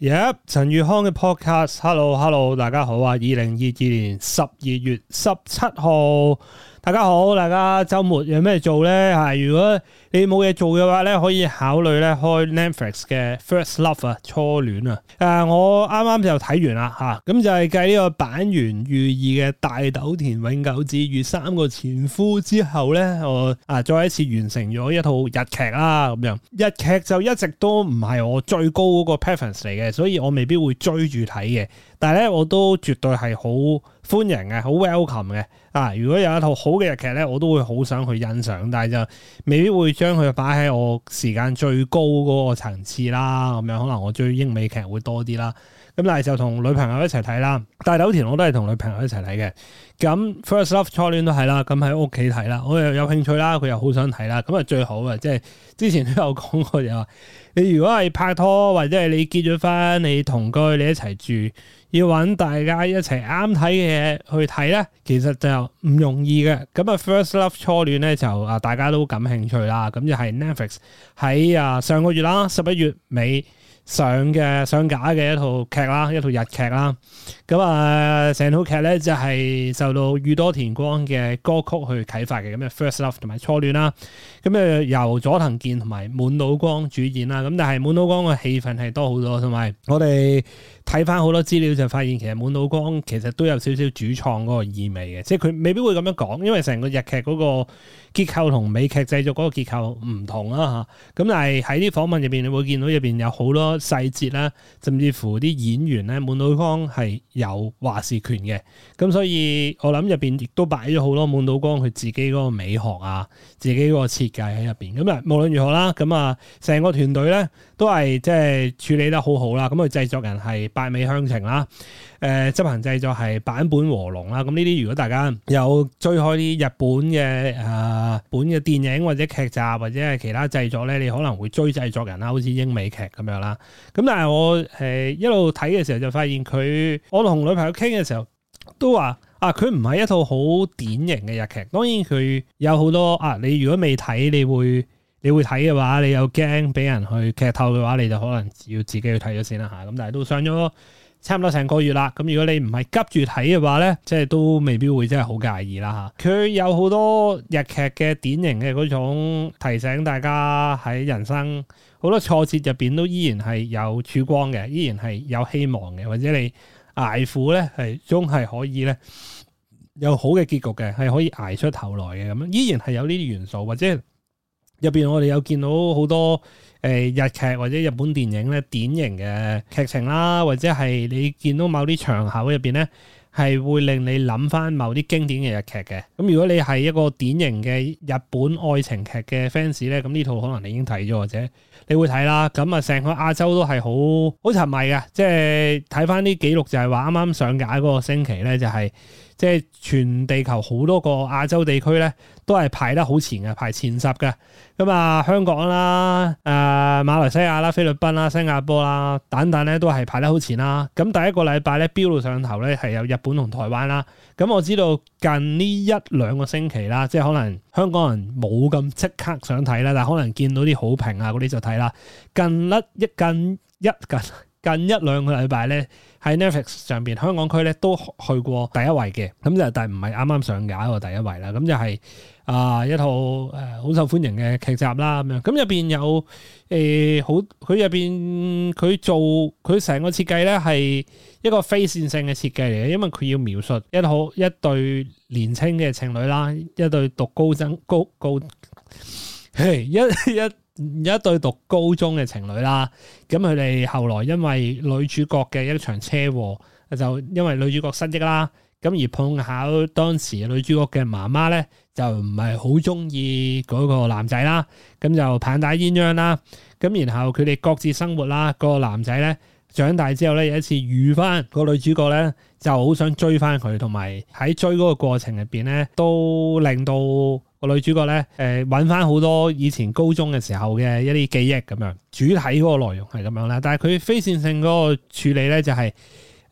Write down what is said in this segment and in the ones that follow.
耶！陳宇康嘅 podcast，hello hello，大家好啊！二零二二年十二月十七號。大家好，大家周末有咩做呢？吓、啊，如果你冇嘢做嘅話咧，可以考慮咧開 Netflix 嘅 First Love 戀啊，初戀啊。誒，我啱啱就睇完啦吓，咁就係繼呢個坂元裕二嘅《大豆田永久子》與三個前夫之後咧，我啊再一次完成咗一套日劇啦咁樣。日劇就一直都唔係我最高嗰個 Preference 嚟嘅，所以我未必會追住睇嘅。但係呢，我都絕對係好歡迎嘅，好 welcome 嘅。啊！如果有一套好嘅日劇咧，我都會好想去欣賞，但係就未必會將佢擺喺我時間最高嗰個層次啦。咁樣可能我追英美劇會多啲啦。咁嗱就同女朋友一齊睇啦，大豆田我都係同女朋友一齊睇嘅。咁 First Love 初戀都係啦，咁喺屋企睇啦。我又有興趣啦，佢又好想睇啦。咁啊最好嘅即係之前都有講過，就話你如果係拍拖或者係你結咗婚，你同居你一齊住，要揾大家一齊啱睇嘅嘢去睇咧，其實就唔容易嘅。咁啊 First Love 初戀咧就啊大家都感興趣啦。咁就係 Netflix 喺啊上個月啦十一月尾，上嘅上架嘅一套劇啦，一套日劇啦，咁、嗯、啊，成套劇咧就係、是、受到宇多田光嘅歌曲去啟發嘅咁嘅 First Love 同埋初戀啦，咁、嗯、啊由佐藤健同埋滿島光主演啦，咁但係滿島光嘅戲份係多好多，同埋我哋睇翻好多資料就發現其實滿島光其實都有少少主創嗰個意味嘅，即係佢未必會咁樣講，因為成個日劇嗰、那個。結構同美劇製作嗰個結構唔同啦嚇，咁但係喺啲訪問入邊，你會見到入邊有好多細節啦，甚至乎啲演員咧，滿島光係有話事權嘅，咁所以我諗入邊亦都擺咗好多滿島光佢自己嗰個美學啊，自己嗰個設計喺入邊，咁啊無論如何啦，咁啊成個團隊咧。都係即係處理得好好啦，咁、嗯、佢製作人係八尾香情啦，誒、呃、執行製作係版本和隆坂本和隆啦。咁呢啲如果大家有追開啲日本嘅誒、呃、本嘅電影或者劇集或者係其他製作咧，你可能會追製作人啦，好似英美劇咁樣啦。咁、嗯、但係我誒、呃、一路睇嘅時候就發現佢，我同女朋友傾嘅時候都話啊，佢唔係一套好典型嘅日劇，當然佢有好多啊。你如果未睇，你會。你會睇嘅話，你又驚俾人去劇透嘅話，你就可能要自己去睇咗先啦吓。咁但係都上咗差唔多成個月啦。咁如果你唔係急住睇嘅話咧，即係都未必會真係好介意啦吓。佢有好多日劇嘅典型嘅嗰種提醒大家喺人生好多挫折入邊都依然係有曙光嘅，依然係有希望嘅，或者你捱苦咧係總係可以咧有好嘅結局嘅，係可以捱出頭來嘅咁樣，依然係有呢啲元素或者。入邊我哋有見到好多誒、呃、日劇或者日本電影咧，典型嘅劇情啦，或者係你見到某啲場合入邊咧係會令你諗翻某啲經典嘅日劇嘅。咁如果你係一個典型嘅日本愛情劇嘅 fans 咧，咁呢套可能你已經睇咗或者你會睇啦。咁啊成個亞洲都係好好沉迷嘅，即係睇翻啲記錄就係話啱啱上架嗰個星期咧就係、是。即係全地球好多個亞洲地區咧，都係排得好前嘅，排前十嘅。咁、嗯、啊，香港啦、誒、呃、馬來西亞啦、菲律賓啦、新加坡啦等等咧，都係排得好前啦。咁、嗯、第一個禮拜咧，飆到上頭咧，係有日本同台灣啦。咁、嗯、我知道近呢一兩個星期啦，即係可能香港人冇咁即刻想睇啦，但係可能見到啲好評啊嗰啲就睇啦。近甩一近一近。近一兩個禮拜咧，喺 Netflix 上邊香港區咧都去過第一位嘅，咁就但唔係啱啱上架嗰個第一位啦，咁就係、是、啊、呃、一套誒好、呃、受歡迎嘅劇集啦咁樣，咁入邊有誒、呃、好，佢入邊佢做佢成個設計咧係一個非線性嘅設計嚟嘅，因為佢要描述一套一對年輕嘅情侶啦，一對讀高爭高高嘿一一。一有一對讀高中嘅情侶啦，咁佢哋後來因為女主角嘅一場車禍，就因為女主角失憶啦，咁而碰巧當時女主角嘅媽媽咧就唔係好中意嗰個男仔啦，咁就棒打鴛鴦啦，咁然後佢哋各自生活啦。嗰個男仔咧長大之後咧有一次遇翻個女主角咧，就好想追翻佢，同埋喺追嗰個過程入邊咧都令到。個女主角咧，誒、呃，揾翻好多以前高中嘅時候嘅一啲記憶咁樣，主體嗰個內容係咁樣啦。但係佢非線性嗰個處理咧，就係、是、誒、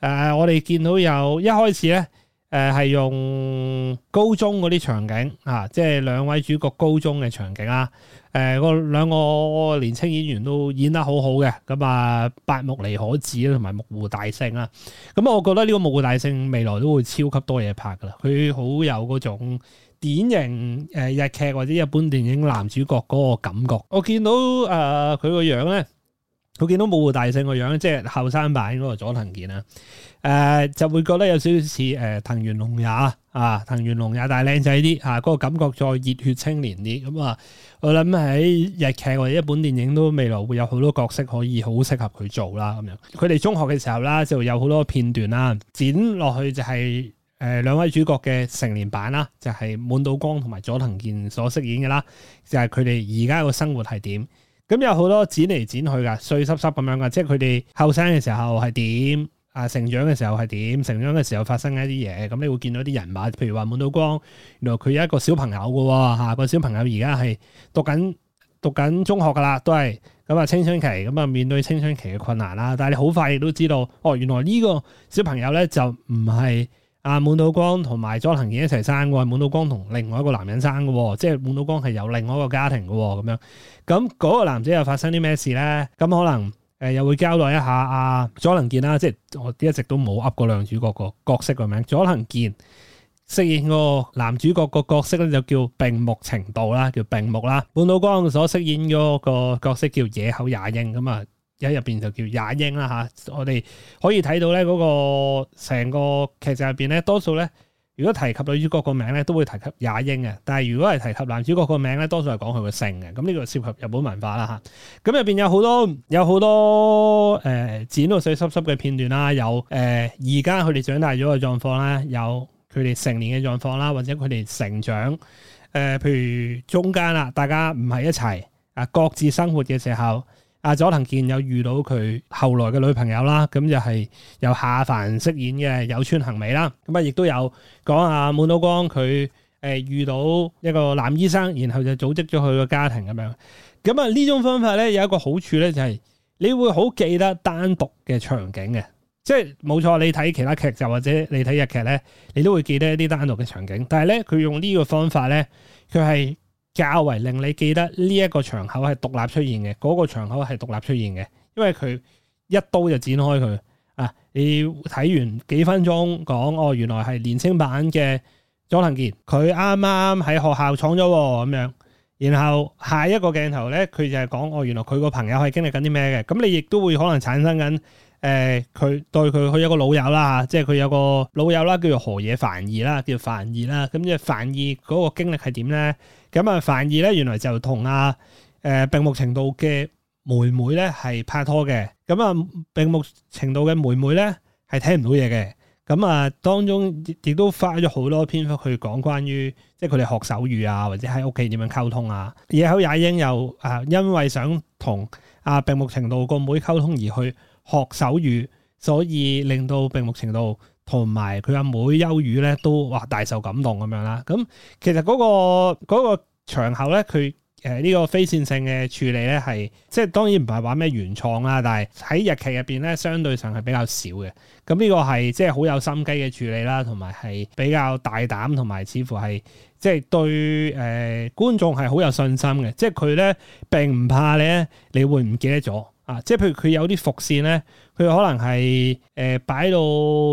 呃，我哋見到有一開始咧，誒、呃，係用高中嗰啲場景啊，即係兩位主角高中嘅場景啊。誒、呃，個兩個年青演員都演得好好嘅，咁啊，八木莉可子同埋木戶大聖啊。咁啊，我覺得呢個木戶大聖未來都會超級多嘢拍噶啦，佢好有嗰種。典型誒日劇或者日本電影男主角嗰個感覺，我見到誒佢個樣咧，我見到武部大聖個樣，即係後生版嗰個佐藤健啊，誒、呃、就會覺得有少少似誒藤原龍也啊，藤原龍也但係靚仔啲嚇，嗰、啊這個感覺再熱血青年啲咁啊！我諗喺日劇或者日本電影都未來會有好多角色可以好適合佢做啦咁樣。佢哋中學嘅時候啦，就有好多片段啦，剪落去就係、是。誒，兩位主角嘅成年版啦，就係滿島光同埋佐藤健所飾演嘅啦，就係佢哋而家個生活係點？咁有好多剪嚟剪去噶，碎濕濕咁樣噶，即係佢哋後生嘅時候係點？啊，成長嘅時候係點？成長嘅時候發生一啲嘢，咁你會見到啲人物，譬如話滿島光，原來佢有一個小朋友噶，吓，個小朋友而家係讀緊讀緊中學噶啦，都係咁啊，青春期，咁啊面對青春期嘅困難啦，但係你好快亦都知道，哦，原來呢個小朋友咧就唔係。啊！滿島光同埋佐藤健一齊生喎，滿島光同另外一個男人生嘅喎，即係滿島光係有另外一個家庭嘅喎，咁樣。咁、那、嗰個男仔又發生啲咩事咧？咁可能誒、呃、又會交代一下啊，佐藤健啦，即係我一直都冇噏過兩主角個角色個名。佐藤健飾演嗰個男主角個角色咧就叫並木晴道啦，叫並木啦。滿島光所飾演嗰個角色叫野口雅英咁啊。喺入邊就叫雅英啦嚇、啊，我哋可以睇到咧嗰、那個成個劇集入邊咧，多數咧如果提及女主角個名咧，都會提及雅英嘅。但係如果係提及男主角個名咧，多數係講佢個姓嘅。咁呢個就涉及日本文化啦嚇。咁入邊有好多有好多誒、呃、剪到碎濕濕嘅片段啦，有誒而家佢哋長大咗嘅狀況啦，有佢哋成年嘅狀況啦，或者佢哋成長誒、呃，譬如中間啦，大家唔係一齊啊，各自生活嘅時候。阿佐藤健有遇到佢後來嘅女朋友啦，咁就係由夏帆飾演嘅有村行美啦，咁啊亦都有講阿滿島光佢誒遇到一個男醫生，然後就組織咗佢個家庭咁樣。咁啊呢種方法咧有一個好處咧就係你會好記得單獨嘅場景嘅，即係冇錯你睇其他劇集或者你睇日劇咧，你都會記得一啲單獨嘅場景，但係咧佢用呢個方法咧，佢係。較為令你記得呢一個場口係獨立出現嘅，嗰個場口係獨立出現嘅，因為佢一刀就剪開佢啊！你睇完幾分鐘講，哦，原來係年輕版嘅佐藤健，佢啱啱喺學校闖咗咁樣，然後下一個鏡頭咧，佢就係講，哦，原來佢個朋友係經歷緊啲咩嘅，咁你亦都會可能產生緊。誒佢、呃、對佢佢有個老友啦嚇，即係佢有個老友啦，叫做何野凡兒啦，叫凡兒啦。咁、嗯、即係凡兒嗰個經歷係點咧？咁、嗯、啊凡兒咧原來就同阿誒病目程度嘅妹妹咧係拍拖嘅。咁、嗯、啊病目程度嘅妹妹咧係聽唔到嘢嘅。咁、嗯、啊當中亦都花咗好多篇幅去講關於即係佢哋學手語啊，或者喺屋企點樣溝通啊。而口雅英又啊因為想同阿、啊、病目程度個妹溝通而去。學手語，所以令到並木晴道同埋佢阿妹優語咧都哇大受感動咁樣啦。咁、嗯、其實嗰、那個嗰、那個場口咧，佢誒呢個非線性嘅處理咧，係即係當然唔係話咩原創啦，但係喺日劇入邊咧，相對上係比較少嘅。咁呢個係即係好有心機嘅處理啦，同埋係比較大膽，同埋似乎係即係對誒、呃、觀眾係好有信心嘅。即係佢咧並唔怕咧，你會唔記得咗？啊，即係譬如佢有啲伏線咧，佢可能係誒、呃、擺到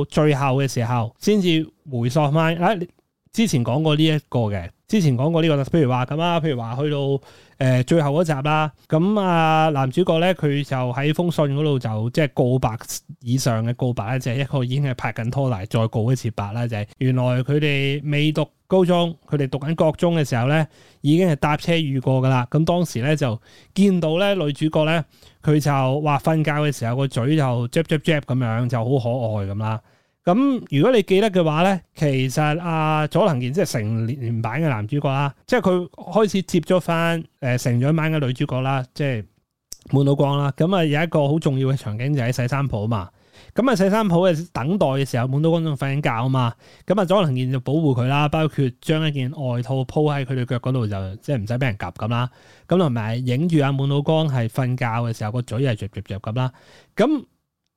最後嘅時候先至回溯翻。誒、啊，之前講過呢一個嘅，之前講過呢、這個，譬如話咁啊，譬如話去到誒、呃、最後嗰集啦，咁啊男主角咧，佢就喺封信嗰度就即係、就是、告白以上嘅告白咧，就係、是、一個已經係拍緊拖嚟再告一次白啦，就係、是、原來佢哋未讀高中，佢哋讀緊國中嘅時候咧，已經係搭車遇過噶啦。咁當時咧就見到咧女主角咧。佢就話瞓覺嘅時候個嘴就 jap jap jap 咁樣就好可愛咁啦。咁如果你記得嘅話咧，其實阿、啊、佐藤健即係成年版嘅男主角啦，即係佢開始接觸翻誒成長版嘅女主角啦，即、就、係、是、滿島光啦。咁、嗯、啊有一個好重要嘅場景就喺洗衫鋪嘛。咁啊，洗衫鋪嘅等待嘅時候，滿島光仲瞓緊覺啊嘛，咁啊，佐藤健就保護佢啦，包括將一件外套鋪喺佢對腳嗰度，就即係唔使俾人夾咁啦。咁同埋影住阿滿島光係瞓覺嘅時候，個嘴係嚼嚼嚼咁啦。咁、啊、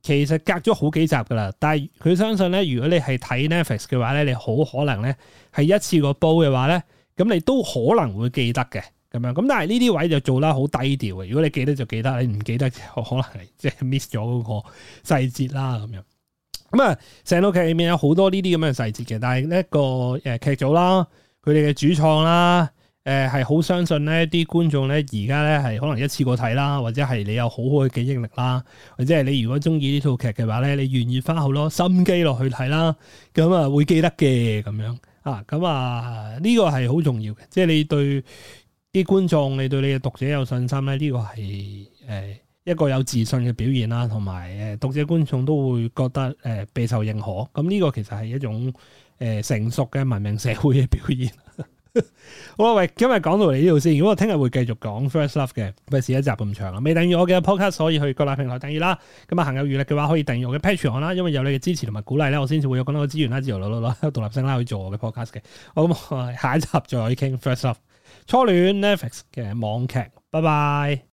其實隔咗好幾集噶啦，但係佢相信咧，如果你係睇 Netflix 嘅話咧，你好可能咧係一次過煲嘅話咧，咁你都可能會記得嘅。咁樣，咁但係呢啲位就做啦，好低調嘅。如果你記得就記得，你唔記得，就可能係即係 miss 咗嗰個細節啦。咁樣，咁啊，成套劇裏面有好多呢啲咁樣嘅細節嘅。但係一個誒劇組啦，佢哋嘅主創啦，誒係好相信呢啲觀眾咧而家咧係可能一次過睇啦，或者係你有好好嘅記憶力啦，或者係你如果中意呢套劇嘅話咧，你願意花好多心機落去睇啦，咁啊會記得嘅咁樣啊。咁啊呢個係好重要嘅，即係你對。啲觀眾，你對你嘅讀者有信心咧？呢個係誒一個有自信嘅表現啦，同埋誒讀者觀眾都會覺得誒備受認可。咁呢個其實係一種誒成熟嘅文明社會嘅表現。 好啦，喂，今日講到嚟呢度先。如果我聽日會繼續講 First Love 嘅，費事一集咁長啦。未訂閱我嘅 Podcast 可以去各大平台訂閱啦。咁啊，行有餘力嘅話，可以訂閱我嘅 Patreon 啦。因為有你嘅支持同埋鼓勵咧，我先至會有更多嘅資源啦，自由落落落獨立聲啦去做我嘅 Podcast 嘅。好，咁我下一集再可以傾 First Love。初戀 Netflix 嘅網劇，拜拜。